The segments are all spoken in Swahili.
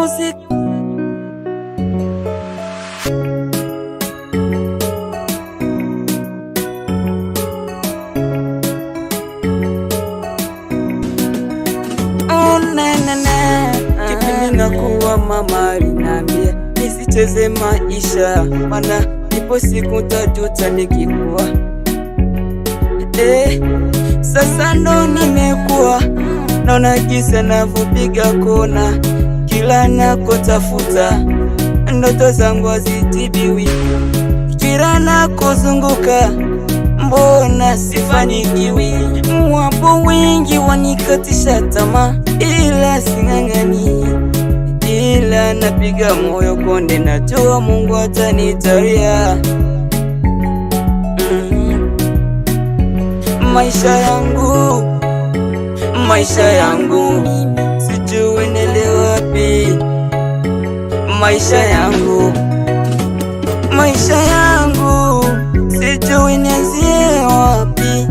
music. Oh, na, na, na. Kipindi nakuwa mama aliniambia nisicheze maisha, mana ipo siku tajuta nikikuwa. Eh, sasa ndo nimekuwa naona jinsi anavyopiga kona kila nakotafuta ndoto zangu hazitibiwi, kila nakuzunguka mbona sifanikiwi? Wapo wengi wanikatisha tamaa, ila sing'ang'ani, ila napiga moyo konde, najua Mungu atanitaria. Mm. Maisha yangu, maisha yangu maisha yangu, maisha yangu sijui nianzie wapi,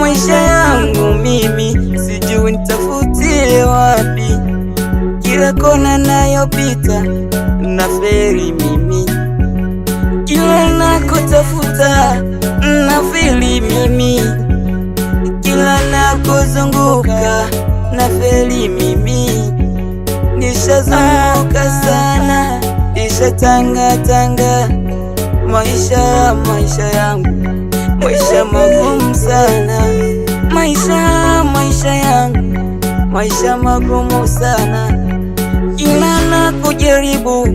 maisha yangu mimi sijui nitafutie wapi, kila kona nayopita na feri mimi, kila nakotafuta na feri mimi, kila nakozunguka na feri mimi Nishazunguka sana, tanga maisha maisha yangu, maisha magumu sana, maisha maisha yangu, maisha magumu sana, na kujaribu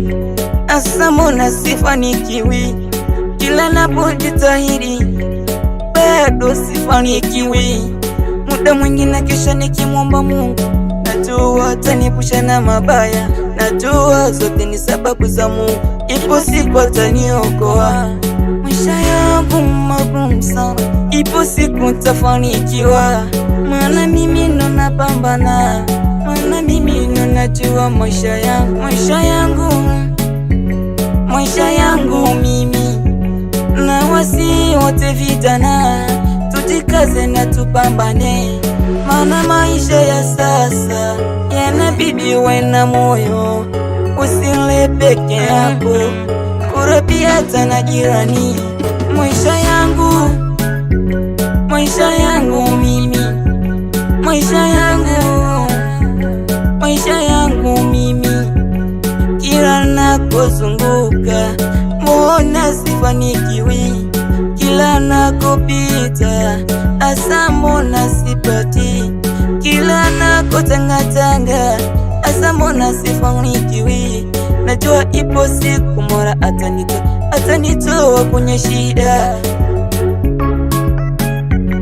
asa mbona sifanikiwi, kila napojitahidi bado sifanikiwi, muda mwingine kisha nikimwomba Mungu najua taniepusha na mabaya, najua zote ni sababu za Mungu, ipo siku ataniokoa. Maisha yangu magumu sana, ipo siku tafanikiwa, maana mimi ndo napambana, maana mimi ndo najua maisha yangu, maisha yangu, maisha yangu mimi na wasi wote vijana, tujikaze na tupambane, maana maisha ya basi na moyo, usile peke yako, kurudia hata na jirani. Maisha yangu, maisha yangu mimi, maisha yangu, maisha yangu mimi, kila nakozunguka mbona sifanikiwi, kila nakopita asa mbona sipati, kila nakotangatanga kwangu ni najua ipo siku Mola atanitoa, atanitoa kwenye shida.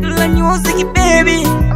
Love music baby